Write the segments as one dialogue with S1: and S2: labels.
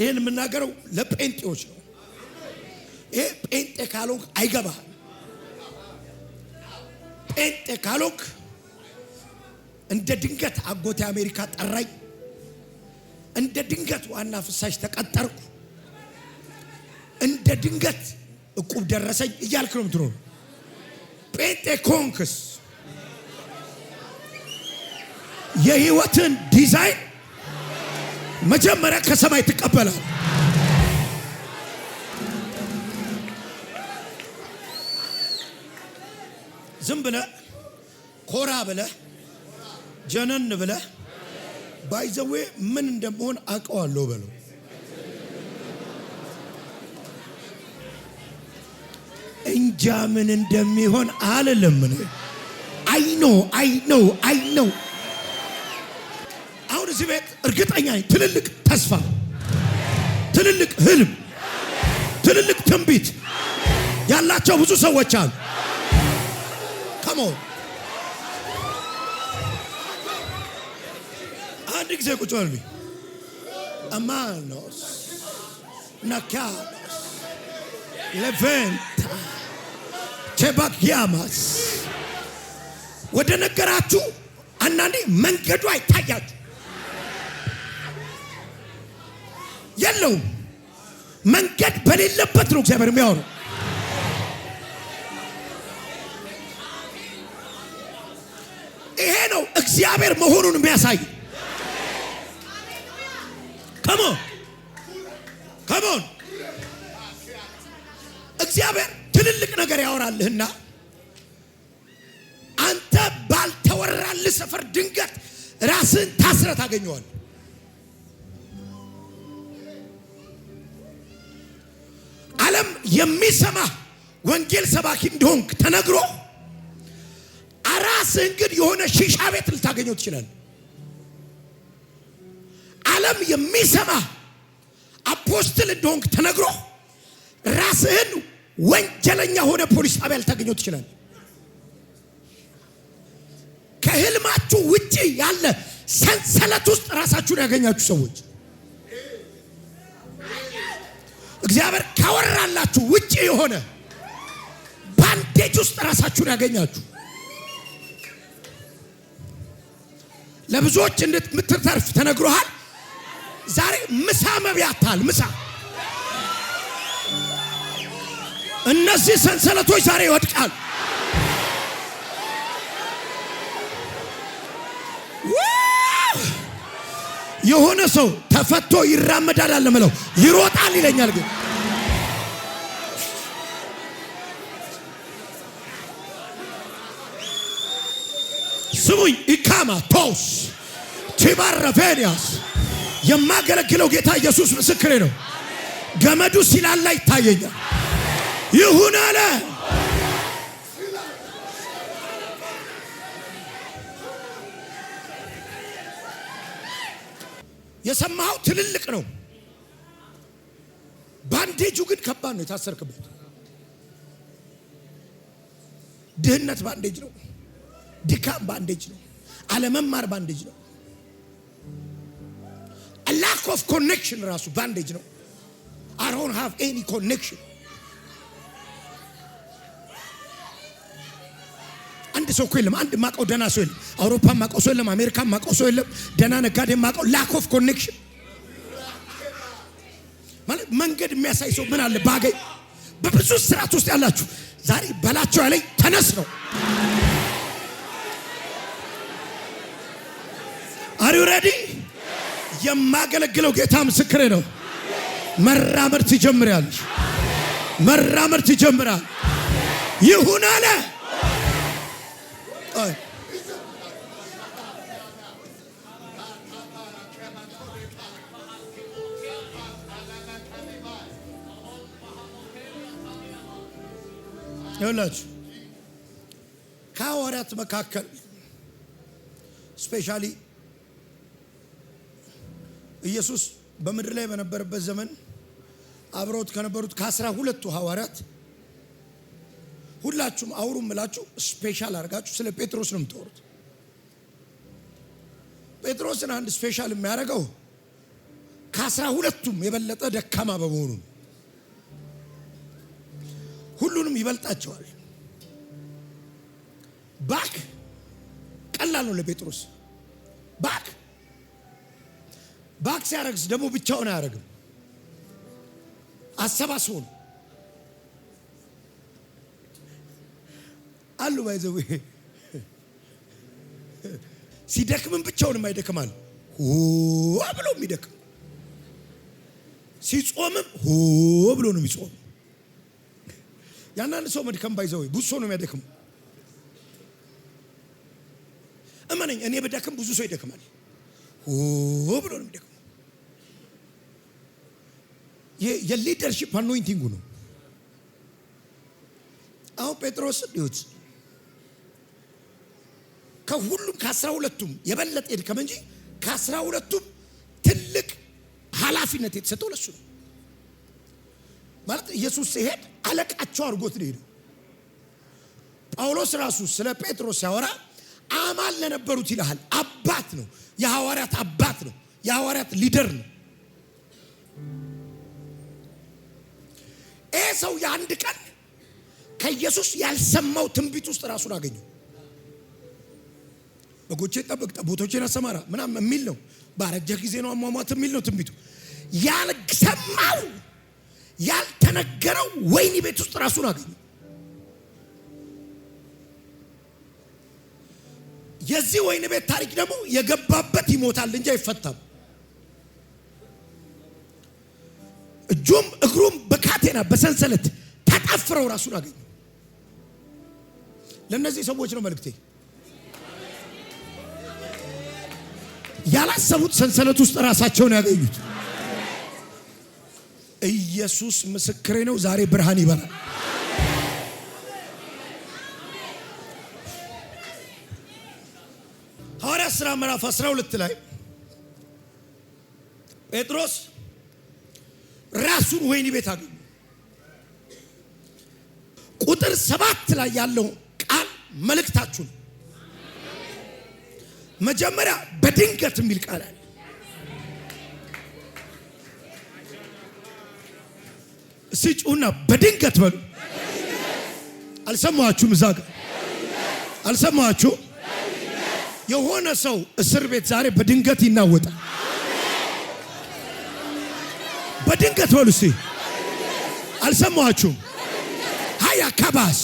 S1: ይህን የምናገረው ለጴንጤዎች ነው። ይህ ጴንጤ ካልሆንክ አይገባ። ጴንጤ ካልሆንክ እንደ ድንገት አጎቴ አሜሪካ ጠራኝ። እንደ ድንገት ዋና ፍሳሽ ተቀጠርኩ። እንደ ድንገት እቁብ ደረሰኝ እያልክ ነው የምትኖር። ጴንጤ ኮንክስ የህይወትን ዲዛይን መጀመሪያ ከሰማይ ትቀበላል። ዝም ብለ ኮራ ብለ ጀነን ብለ ባይዘዌ ምን እንደመሆን አውቀዋለሁ በለው። እንጃ ምን እንደሚሆን አልልም። አይ ነው አይ ነው አይ ነው አሁን እዚህ ቤት እርግጠኛ ነኝ ትልልቅ ተስፋ፣ ትልልቅ ህልም፣ ትልልቅ ትንቢት ያላቸው ብዙ ሰዎች አሉ። ከመሆን አንድ ጊዜ ቁጭ በሉልኝ። አማኖስ ነካኖስ ሌቬንታ ቼባክያማስ ወደ ነገራችሁ አንዳንዴ መንገዱ አይታያችሁ የለውም። መንገድ በሌለበት ነው እግዚአብሔር የሚያወሩ። ይሄ ነው እግዚአብሔር መሆኑን የሚያሳይ። ከሞን ከሞን እግዚአብሔር ትልልቅ ነገር ያወራልህና አንተ ባልተወራልህ ሰፈር ድንገት ራስን ታስረ ታገኘዋል። የሚሰማ ወንጌል ሰባኪ እንደሆንክ ተነግሮ አራስ እንግድ የሆነ ሺሻ ቤት ልታገኘው ትችላል። ዓለም የሚሰማ አፖስትል እንደሆንክ ተነግሮ ራስህን ወንጀለኛ ሆነ ፖሊስ ጣቢያ ልታገኘው ትችላል። ከህልማችሁ ውጪ ያለ ሰንሰለት ውስጥ ራሳችሁን ያገኛችሁ ሰዎች እግዚአብሔር ካወራላችሁ ውጭ የሆነ ባንዴጅ ውስጥ ራሳችሁን ያገኛችሁ። ለብዙዎች እንደምትተርፍ ተነግሮሃል። ዛሬ ምሳ መብያታል። ምሳ እነዚህ ሰንሰለቶች ዛሬ ይወድቃሉ። የሆነ ሰው ተፈቶ ይራመዳል አለምለው ይሮጣል ይለኛል ግን ስሙኝ ኢካማ ቶስ ቲባረፌንያስ የማገለግለው ጌታ ኢየሱስ ምስክሬ ነው። ገመዱ ሲላላ ይታየኛል። ይሁን አለ የሰማኸው ትልልቅ ነው። ባንዴጁ ግን ከባድ ነው። የታሰርክበት ድህነት ባንዴጅ ነው። ድካም ባንዴጅ ነው። አለመማር ባንዴጅ ነው። ላክ ኦፍ ኮኔክሽን ራሱ ባንዴጅ ነው። አይ ዶንት ሃቭ ኤኒ ኮኔክሽን። አንድ ሰው እኮ የለም። አንድ ማቀው ደና ሰው የለም። አውሮፓ ማቀው ሰው የለም። አሜሪካ ማቀው ሰው የለም። ደና ነጋዴ ማቀው። ላክ ኦፍ ኮኔክሽን ማለት መንገድ የሚያሳይ ሰው ምን አለ ባገኝ። በብዙ ስርዓት ውስጥ ያላችሁ ዛሬ በላቸው ያለኝ ተነስ ነው። አሪው ረዲ የማገለግለው ጌታ ምስክሬ ነው። መራመድ ትጀምራለች። መራመድ ትጀምራል። ይሁን አለ። ይኸውላችሁ ከሐዋርያት መካከል ስፔሻሊ ኢየሱስ በምድር ላይ በነበረበት ዘመን አብረውት ከነበሩት ከአስራ ሁለቱ ሐዋርያት ሁላችሁም አውሩ እምላችሁ ስፔሻል አድርጋችሁ ስለ ጴጥሮስ ነው የምታወሩት። ጴጥሮስን አንድ ስፔሻል የሚያደርገው ከአስራ ሁለቱም የበለጠ ደካማ በመሆኑ ሁሉንም ይበልጣቸዋል። ባክ ቀላል ነው ለጴጥሮስ ባክ ባክ ሲያረግስ ደግሞ ብቻውን አያረግም፣ አሰባስቦ ነው አሉ ባይዘው ሲደክምም ብቻውንም አይደክማል ብሎ የሚደክም ሲጾምም ሆ ብሎ ነው የሚጾም። ያንዳንድ ሰው መድከም ባይዘው ብዙ ሰው ነው የሚያደክም። እመነኝ፣ እኔ በደክም ብዙ ሰው ይደክማል። ብሎ ነው የሚደክመው። አኖይንቲንጉ ነው። አሁን ጴጥሮስ ሊሆት ከሁሉም ከአስራ ሁለቱም የበለጠ እንጂ ከአስራ ሁለቱም ትልቅ ኃላፊነት የተሰጠው ለሱ ነው። ማለት ኢየሱስ ሲሄድ አለቃቸው አድርጎት ነው ሄደው። ጳውሎስ ራሱ ስለ ጴጥሮስ ሲያወራ አማል ለነበሩት ይልሃል። አባት ነው። የሐዋርያት አባት ነው። የሐዋርያት ሊደር ነው። ይህ ሰው የአንድ ቀን ከኢየሱስ ያልሰማው ትንቢት ውስጥ ራሱን አገኘው። በጎቼ ጠብቅ፣ ጠቦቶቼን አሰማራ ምናምን የሚል ነው። ባረጀህ ጊዜ ነው አሟሟት የሚል ነው ትንቢቱ። ያልሰማው ያልተነገረው ወይኒ ቤት ውስጥ ራሱን አገኘው። የዚህ ወይን ቤት ታሪክ ደግሞ የገባበት ይሞታል እንጂ አይፈታም። እጁም እግሩም በካቴና በሰንሰለት ተጣፍረው ራሱን አገኙ። ለእነዚህ ሰዎች ነው መልእክቴ። ያላሰቡት ሰንሰለት ውስጥ ራሳቸውን ያገኙት። ኢየሱስ ምስክሬ ነው። ዛሬ ብርሃን ይበራል። ሥራ ምዕራፍ 12 ላይ ጴጥሮስ ራሱን ወይኒ ቤት አገኘ። ቁጥር ሰባት ላይ ያለው ቃል መልእክታችሁን መጀመሪያ በድንገት የሚል ቃል አለ። ጩና በድንገት በሉ። አልሰማችሁም? እዛ ጋር አልሰማችሁ የሆነ ሰው እስር ቤት ዛሬ በድንገት ይናወጣል። በድንገት በሉ እስቲ አልሰማችሁም? ሀያ ከባስ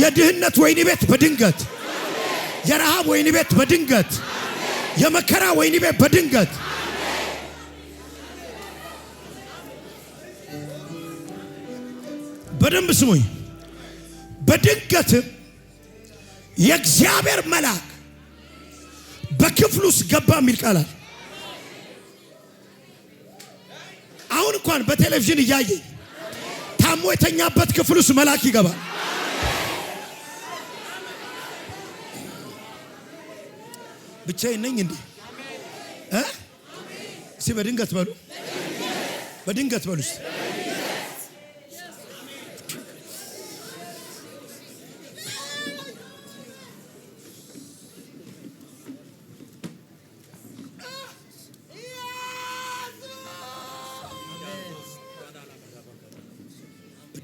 S1: የድህነት ወይኒ ቤት በድንገት የረሃብ ወይኒ ቤት በድንገት የመከራ ወይኒ ቤት በድንገት በደንብ ስሙኝ። በድንገት የእግዚአብሔር መልአክ ክፍል ውስጥ ገባ የሚል ቃላል አሁን እንኳን በቴሌቪዥን እያየ ታሞ የተኛበት ክፍል ውስጥ መልአክ ይገባል። ብቻዬን ነኝ እንዴ? እስቲ በድንገት በሉ፣ በድንገት በሉ።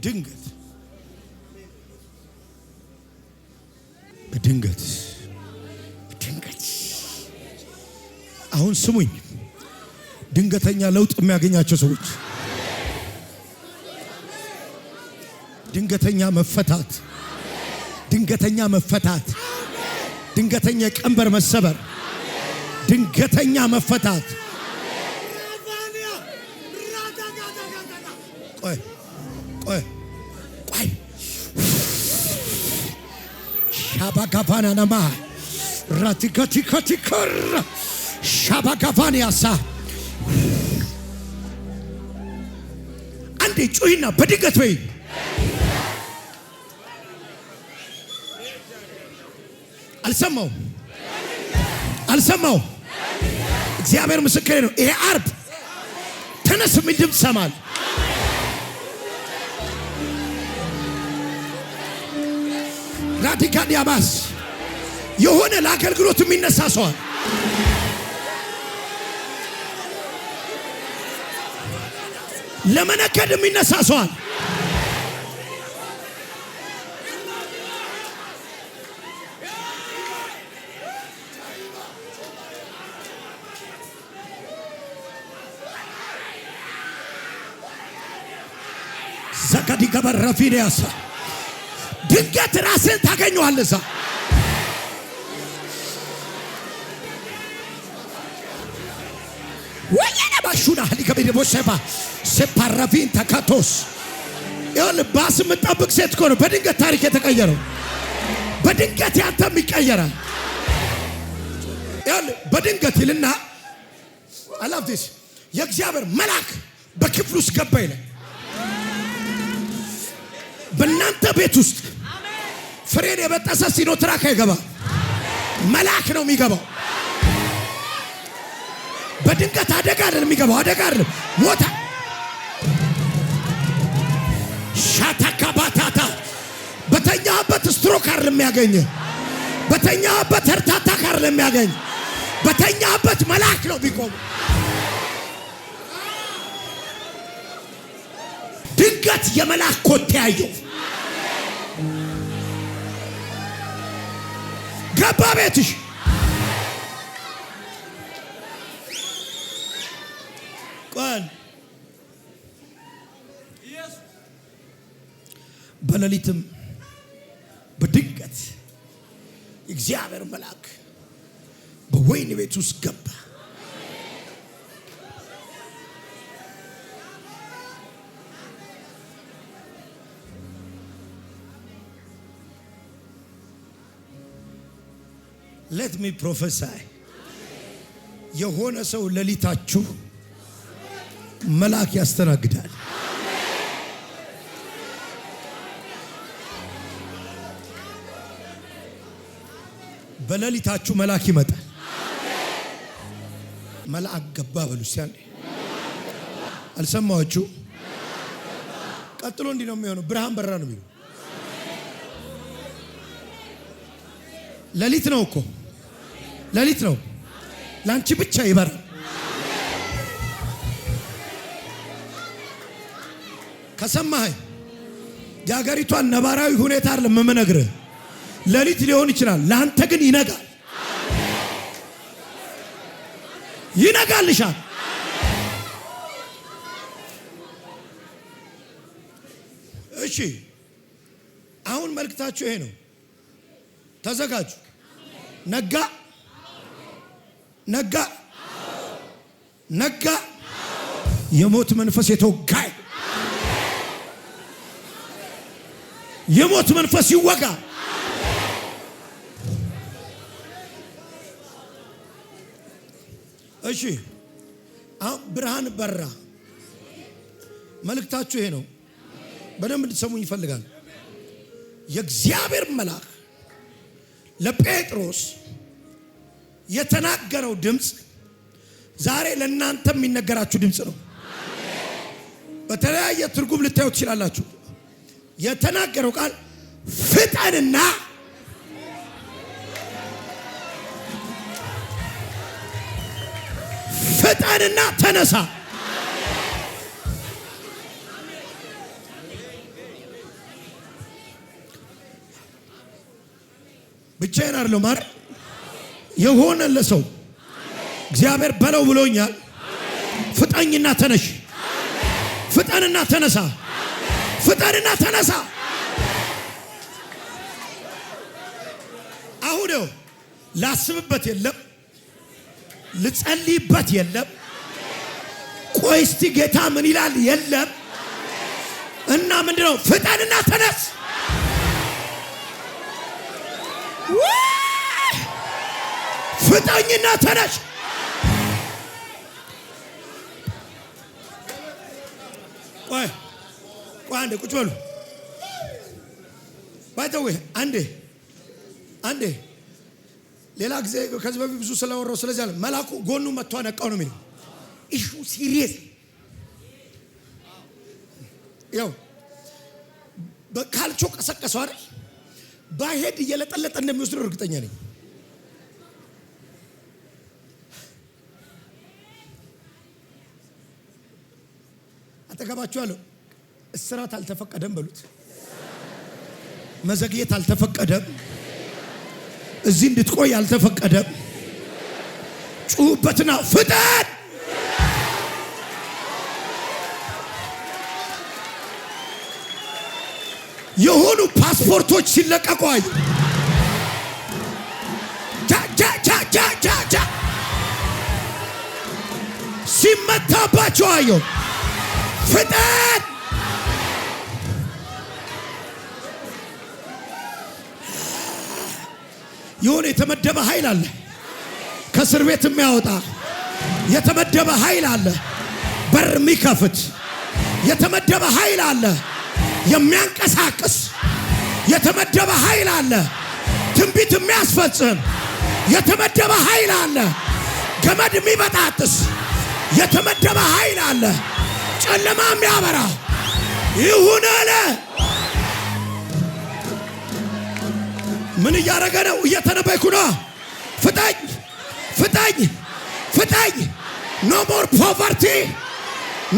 S1: በድንገት በድንገት በድንገት አሁን ስሙኝ፣ ድንገተኛ ለውጥ የሚያገኛቸው ሰዎች ድንገተኛ መፈታት፣ ድንገተኛ መፈታት፣ ድንገተኛ ቀንበር መሰበር፣ ድንገተኛ መፈታት ሻባጋቫናናማ ራቲከቲከቲከር ሻባጋቫን ያሳ አንዴ ጩይና በድንገት ወይ አልሰማው አልሰማው። እግዚአብሔር ምስክሬ ነው። ይሄ አርብ ተነስ የሚል ድምፅ ሰማል። ራዲካል ያባስ የሆነ ለአገልግሎት የሚነሳ ሰዋል ለመነከድ የሚነሳ ሰዋል ዘጋዲ ገበር ረፊድ ድንገት ራስን ታገኘዋል እዛ ወየነ ባሹና ሊከበደቦ ሴባ ሴፓራቪን ተካቶስ ይሁን ባስ የምጠብቅ ሴት እኮ በድንገት ታሪክ የተቀየረው በድንገት ያንተም ይቀየራል። ይሁን በድንገት ይልና አላፍዲስ የእግዚአብሔር መልአክ በክፍል ውስጥ ገባ ይላል በእናንተ ቤት ውስጥ ፍሬን የበጠሰ ሲኖትራክ አይገባም። መልአክ ነው የሚገባው። በድንገት አደጋ አይደለም የሚገባው። አደጋ አይደለም ሞታ ሻታካባታታ በተኛበት ስትሮክ አይደለም የሚያገኝ። በተኛበት እርታታ አይደለም የሚያገኝ። በተኛበት መልአክ ነው ቢቆም። ድንገት የመልአክ ኮቴ ያየው ገባ ቤትሽ። ቆል በሌሊትም በድንገት እግዚአብሔር መልአክ በወይን ቤት ውስጥ ገባ። ሌት ሚ ፕሮፌሳይ የሆነ ሰው ሌሊታችሁ መልአክ ያስተናግዳል። በሌሊታችሁ መልአክ ይመጣል። መልአክ ገባ በሉ እስቲ አንዴ። ቀጥሎ እንዲህ ነው የሚሆነው። ብርሃን በራ ነው የሚሆነው። ሌሊት ነው እኮ ሌሊት ነው፣ ለአንቺ ብቻ ይበራል። ከሰማህ የሀገሪቷን ነባራዊ ሁኔታ አለ የምነግርህ። ሌሊት ሊሆን ይችላል፣ ለአንተ ግን ይነጋል። ይነጋልሻል። እሺ፣ አሁን መልእክታችሁ ይሄ ነው። ተዘጋጁ። ነጋ ነጋ ነጋ። የሞት መንፈስ የተወጋይ የሞት መንፈስ ይወጋ። እሺ ብርሃን በራ። መልእክታችሁ ይሄ ነው። በደንብ እንድትሰሙኝ ይፈልጋል። የእግዚአብሔር መልአክ ለጴጥሮስ የተናገረው ድምፅ ዛሬ ለእናንተ የሚነገራችሁ ድምፅ ነው። በተለያየ ትርጉም ልታዩ ትችላላችሁ። የተናገረው ቃል ፍጠንና ፍጠንና ተነሳ። ብቻዬን አይደለሁም። የሆነ ለሰው እግዚአብሔር በለው ብሎኛል። ፍጠኝና ተነሽ፣ ፍጠንና ተነሳ፣ ፍጠንና ተነሳ። አሁን ው ላስብበት የለም ልጸልይበት የለም ቆይ እስቲ ጌታ ምን ይላል የለም እና ምንድነው ፍጠንና ተነስ ፍጠኝና ተነሽ። ቆይ ቆይ፣ አንዴ ቁጭ በሉ። ባይተዌ አንዴ አንዴ፣ ሌላ ጊዜ ከዚህ በፊት ብዙ ስለወረው ስለዚህ አለ መላኩ ጎኑ መጥቶ ነቃው ነው የሚለው። ኢሹ ሲሪየስ ያው በካልቾ ቀሰቀሰው አይደል? ባይሄድ እየለጠለጠ እንደሚወስድ እርግጠኛ ነኝ። አለው እስራት አልተፈቀደም በሉት። መዘግየት አልተፈቀደም። እዚህ እንድትቆይ አልተፈቀደም። ጩሁበትና ፍጠን የሆኑ ፓስፖርቶች ሲለቀቁ አይ ሲመታባቸው አየሁ። ፍጠን። የሆነ የተመደበ ኃይል አለ፣ ከእስር ቤት የሚያወጣ የተመደበ ኃይል አለ፣ በር የሚከፍት የተመደበ ኃይል አለ፣ የሚያንቀሳቅስ የተመደበ ኃይል አለ፣ ትንቢት የሚያስፈጽም የተመደበ ኃይል አለ፣ ገመድ የሚበጣጥስ የተመደበ ኃይል አለ። ጨለማ የሚያበራ ይሁን አለ። ምን እያደረገ ነው? እየተነበይኩ ነ ፍጠኝ ፍጠኝ ፍጠኝ! ኖ ሞር ፖቨርቲ፣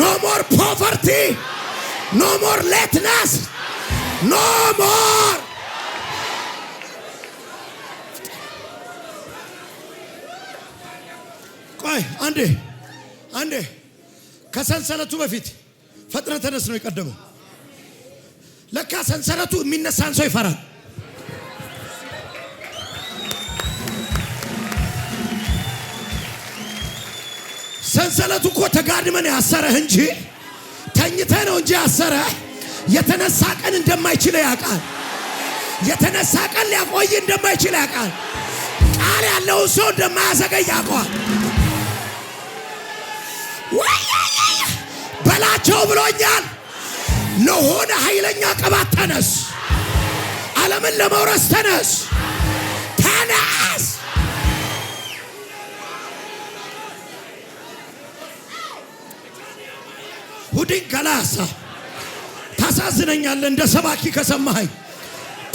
S1: ኖ ሞር ፖቨርቲ፣ ኖ ሞር ሌትነስ፣ ኖ ሞር ቆይ አንዴ አንዴ ከሰንሰለቱ በፊት ፈጥነ ተነስ ነው የቀደመው። ለካ ሰንሰለቱ የሚነሳን ሰው ይፈራል። ሰንሰለቱ እኮ ተጋድመን ያሰረህ እንጂ ተኝተ ነው እንጂ ያሰረህ። የተነሳ ቀን እንደማይችል ያውቃል። የተነሳ ቀን ሊያቆይ እንደማይችል ያውቃል። ቃል ያለውን ሰው እንደማያዘገይ ያውቀዋል። በላቸው ብሎኛል። ለሆነ ኃይለኛ ቅባት ተነስ፣ ዓለምን ለመውረስ ተነስ፣ ተነስ። ሁድኝ ከላሳ ታሳዝነኛለ እንደ ሰባኪ ከሰማኸኝ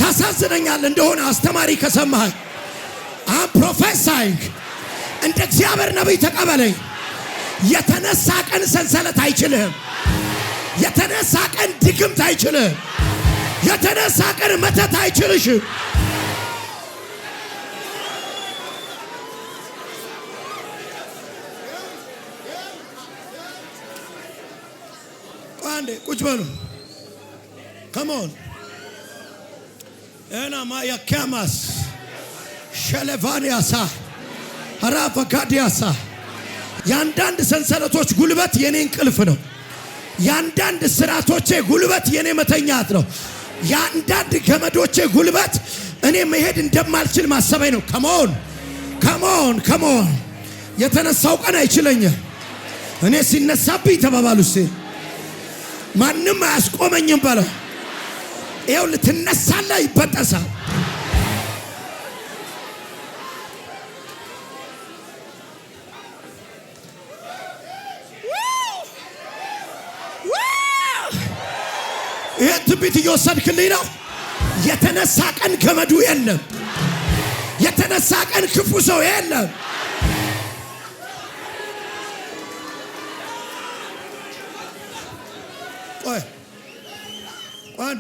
S1: ታሳዝነኛለህ። እንደሆነ አስተማሪ ከሰማኸኝ አም ፕሮፌሳይንግ እንደ እግዚአብሔር ነቢይ ተቀበለኝ። የተነሳ ቀን ሰንሰለት አይችልህም። የተነሳ ቀን ድግምት አይችልህም። የተነሳ ቀን መተት አይችልሽ። አንዴ ቁጭ በሉ። ከመሆን ኤናማ የካማስ ሸለቫን ያሳ የአንዳንድ ሰንሰለቶች ጉልበት የኔ እንቅልፍ ነው። የአንዳንድ ስርዓቶቼ ጉልበት የኔ መተኛት ነው። የአንዳንድ ገመዶቼ ጉልበት እኔ መሄድ እንደማልችል ማሰበኝ ነው። ከመሆን ከመሆን ከመሆን የተነሳው ቀን አይችለኝ። እኔ ሲነሳብኝ ተባባሉ ሴ ማንም አያስቆመኝም በለው። ይኸው ልትነሳለህ ይበጠሳል ትንቢት እየወሰድክልኝ ነው። የተነሳ ቀን ገመዱ የለም። የተነሳ ቀን ክፉ ሰው የለም። ቆይ ቆይ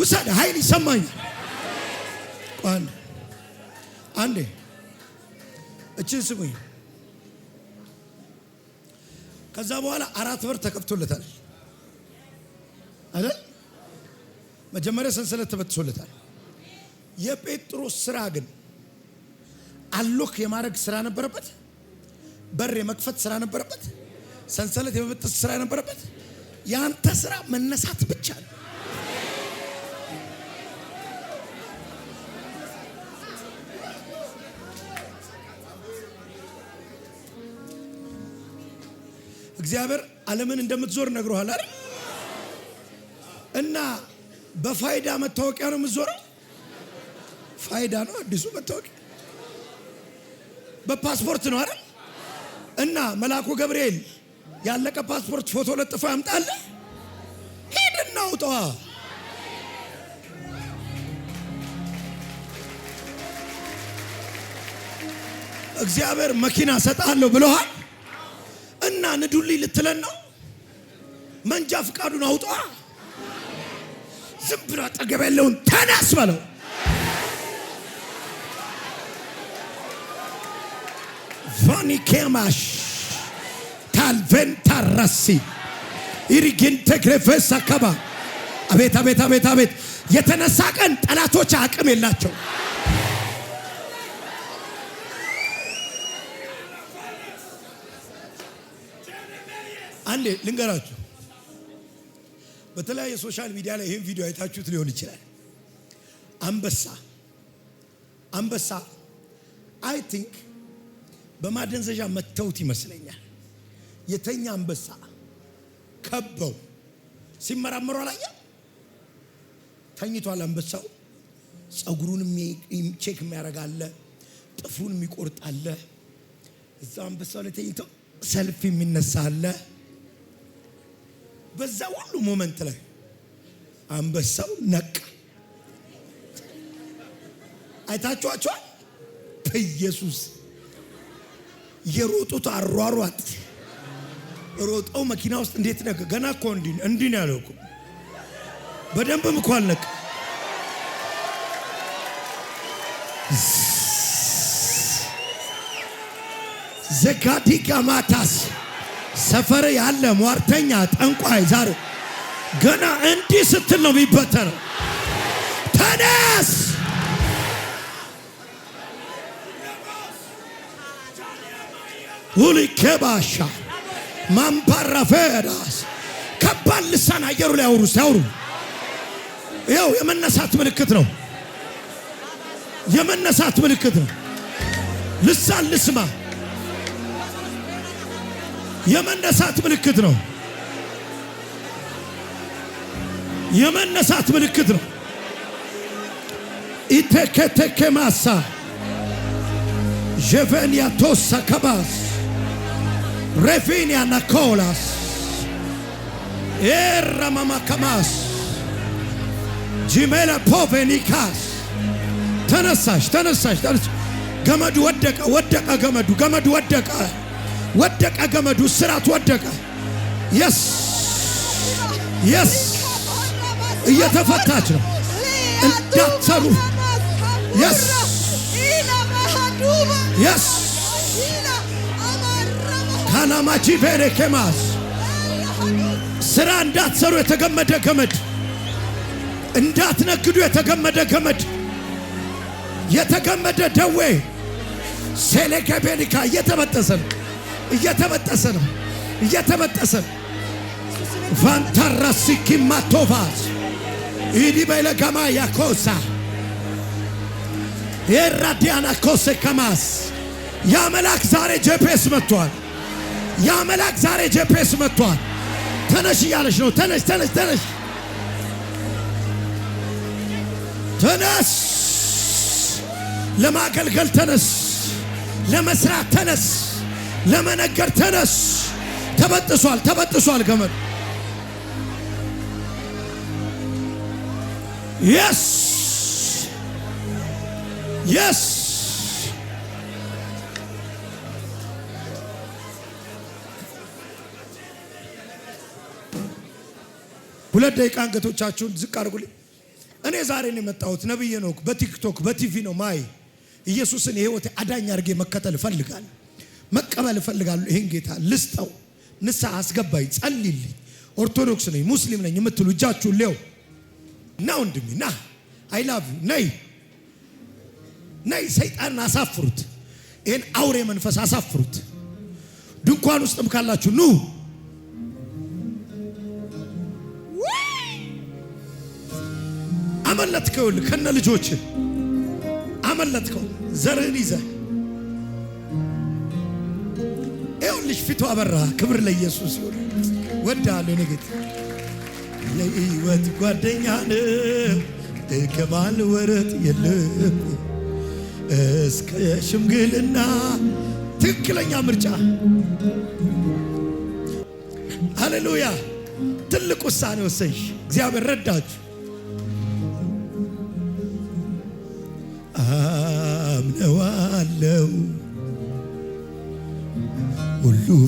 S1: ውሰድ። ኃይል ይሰማኛል። አንዴ አንዴ እችን ስሙኝ። ከዛ በኋላ አራት በር ተከፍቶለታል አይደል? መጀመሪያ ሰንሰለት ተበጥሶለታል። የጴጥሮስ ስራ ግን አሎክ የማድረግ ስራ ነበረበት። በር የመክፈት ስራ ነበረበት። ሰንሰለት የመበጠስ ስራ ነበረበት። የአንተ ስራ መነሳት ብቻ ነው። እግዚአብሔር ዓለምን እንደምትዞር ነግሮሃል አይደል? እና በፋይዳ መታወቂያ ነው የምትዞረው። ፋይዳ ነው አዲሱ መታወቂያ። በፓስፖርት ነው አይደል? እና መልአኩ ገብርኤል ያለቀ ፓስፖርት ፎቶ ለጥፎ ያምጣል። ሂድና አውጣዋ። እግዚአብሔር መኪና ሰጣለሁ ብለሃል። ልትለን ነው? መንጃ ፍቃዱን አውጣ። ዝም ብሎ አጠገብ ያለውን ተነስ በለው። ቫኒኬማሽ ታልቬን ታራሲ ኢሪጊን ተግሬፌስ አካባ አቤት አቤት አቤት አቤት! የተነሳ ቀን ጠላቶች አቅም የላቸው አንዴ ልንገራችሁ። በተለያየ ሶሻል ሚዲያ ላይ ይህን ቪዲዮ አይታችሁት ሊሆን ይችላል። አንበሳ አንበሳ አይ ቲንክ በማደንዘዣ መተውት ይመስለኛል። የተኛ አንበሳ ከበው ሲመራመሩ አላየ። ተኝቷል አንበሳው። ፀጉሩን ቼክ የሚያደርጋለ፣ ጥፍሩን የሚቆርጣለ፣ እዛ አንበሳው ላይ ተኝተው ሰልፍ የሚነሳለ በዛ ሁሉ ሞመንት ላይ አንበሳው ነቃ። አይታችኋቸዋል። በኢየሱስ የሮጡት አሯሯጥ ሮጠው መኪና ውስጥ እንዴት ነገ ገና እኮ እንዲህ እንዲን ነው ያለው እኮ በደንብም እኮ አልነቃ ዘጋዲ ጋማታስ ሰፈር ያለ ሟርተኛ ጠንቋይ ዛሬ ገና እንዲህ ስትል ነው የሚበተነው። ተነስ! ውልኬ ባሻ ከባድ ልሳን አየሩ ላይ ያውሩ ሲያውሩ ያው የመነሳት ምልክት ነው። የመነሳት ምልክት ነው። ልሳን ልስማ የመነሳት ምልክት ነው። የመነሳት ምልክት ነው። ኢቴከቴኬማሳ ጀቨንያ ቶሳ ከባስ ሬፊንያ ናኮላስ ኤራማማከማስ ጂሜላ ፖቬኒካስ ተነሳሽ፣ ተነሳሽ፣ ተነሳሽ። ገመዱ ወደቀ፣ ወደቀ፣ ገመዱ ገመዱ ወደቀ። ወደቀ፣ ገመዱ ስራት ወደቀ። የስ የስ እየተፈታች ነው። እንዳትሰሩ የስ የስ ካናማቺ ቬሬኬማስ ስራ እንዳትሰሩ የተገመደ ገመድ እንዳትነግዱ የተገመደ ገመድ የተገመደ ደዌ ሴሌከቤኒካ እየተበጠሰ ነው። እየተበጠሰ ነው፣ እየተበጠሰ ነው። ቫንታራሲኪማቶቫዝ ኢዲ በይለጋማ ያኮሳ የራዲያና ኮሴ ከማስ ያ መልአክ ዛሬ መጥቷል። ያ መልአክ ዛሬ መጥቷል። ተነሽ ነው። ተነሽ ተነሽ ተነሽ ተነስ፣ ለማገልገል ተነስ፣ ለመስራት ተነስ። ለመነገር ተነስ። ተበጥሷል፣ ተበጥሷል ገመድ የስ የስ ሁለት ደቂቃ አንገቶቻችሁን ዝቅ አድርጉልኝ። እኔ ዛሬ ነው የመጣሁት። ነብይ ሄኖክ በቲክቶክ በቲቪ ነው ማይ ኢየሱስን የህይወት አዳኝ አድርጌ መከተል እፈልጋለሁ። መቀበል እፈልጋለሁ። ይሄን ጌታ ልስጠው፣ ንስሐ አስገባኝ፣ ጸልይልኝ። ኦርቶዶክስ ነኝ ሙስሊም ነኝ የምትሉ እጃችሁን ሌው ና፣ ወንድሜ ና፣ አይላቭ ነይ፣ ነይ። ሰይጣንን አሳፍሩት፣ ይህን አውሬ መንፈስ አሳፍሩት። ድንኳን ውስጥም ካላችሁ ኑ አመለጥከው ከነ ልጆች አመለጥከው ዘርህን ይዘህ ትንሽ ፊቱ አበራ። ክብር ለኢየሱስ ይሁን። ወዳለሁ ንግት የህይወት ጓደኛን እከባል ወረት የለም እስከ ሽምግልና ትክክለኛ ምርጫ። ሃሌሉያ! ትልቅ ውሳኔ ወሰንሽ። እግዚአብሔር ረዳችሁ።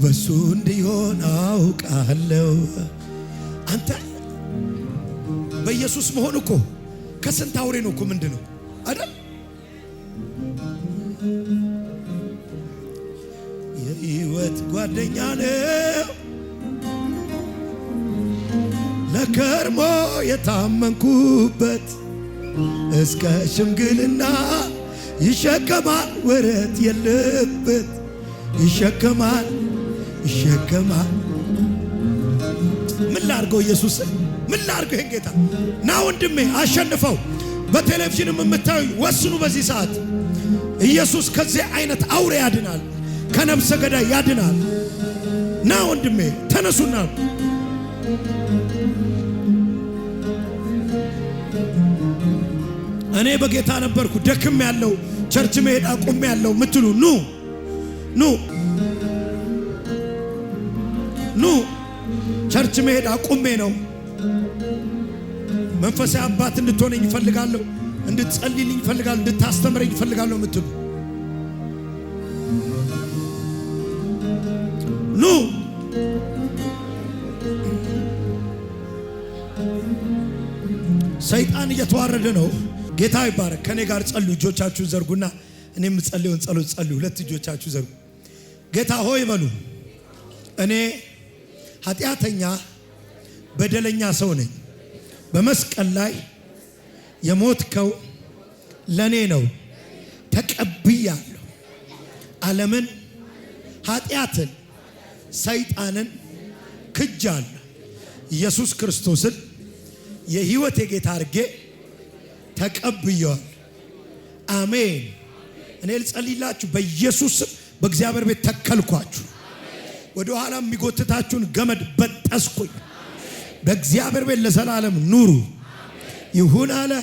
S1: በሱ እንዲሆን አውቃለሁ። አንተ በኢየሱስ መሆን እኮ ከስንት አውሬ ነው እኮ ምንድን ነው አይደል? የህይወት ጓደኛ ነው ለከርሞ የታመንኩበት እስከ ሽምግልና ይሸከማል ወረት የለበት ይሸከማል ይሸከማል። ምን ላርገው? ኢየሱስ ምን ላርገው? ይህን ጌታ ና ወንድሜ አሸንፈው። በቴሌቪዥንም የምታዩ ወስኑ። በዚህ ሰዓት ኢየሱስ ከዚህ አይነት አውሬ ያድናል፣ ከነብሰ ገዳይ ያድናል። ና ወንድሜ ተነሱና እኔ በጌታ ነበርኩ ደክም ያለው ቸርች መሄድ አቁም ያለው ምትሉ ኑ ኑ ኑ ቸርች መሄድ አቁሜ ነው። መንፈሳዊ አባት እንድትሆነኝ ፈልጋለሁ እንድትጸልይልኝ እፈልጋለሁ፣ እንድታስተምረኝ ይፈልጋለሁ የምትሉ ኑ ሰይጣን እየተዋረደ ነው። ጌታ ይባረክ። ከኔ ጋር ጸልዩ። እጆቻችሁን ዘርጉና እኔ የምጸልየውን ጸሎት ጸልዩ። ሁለት እጆቻችሁ ዘርጉ። ጌታ ሆይ በሉ እኔ ኃጢአተኛ በደለኛ ሰው ነኝ። በመስቀል ላይ የሞትከው ለእኔ ነው። ተቀብያለሁ። ዓለምን፣ ኃጢአትን፣ ሰይጣንን ክጃለሁ። ኢየሱስ ክርስቶስን የሕይወቴ ጌታ አድርጌ ተቀብየዋል። አሜን። እኔ ልጸልይላችሁ በኢየሱስ በእግዚአብሔር ቤት ተከልኳችሁ። ወደ ኋላ የሚጎትታችሁን ገመድ በጠስኩኝ። በእግዚአብሔር ቤት ለዘላለም ኑሩ። ይሁን አለ።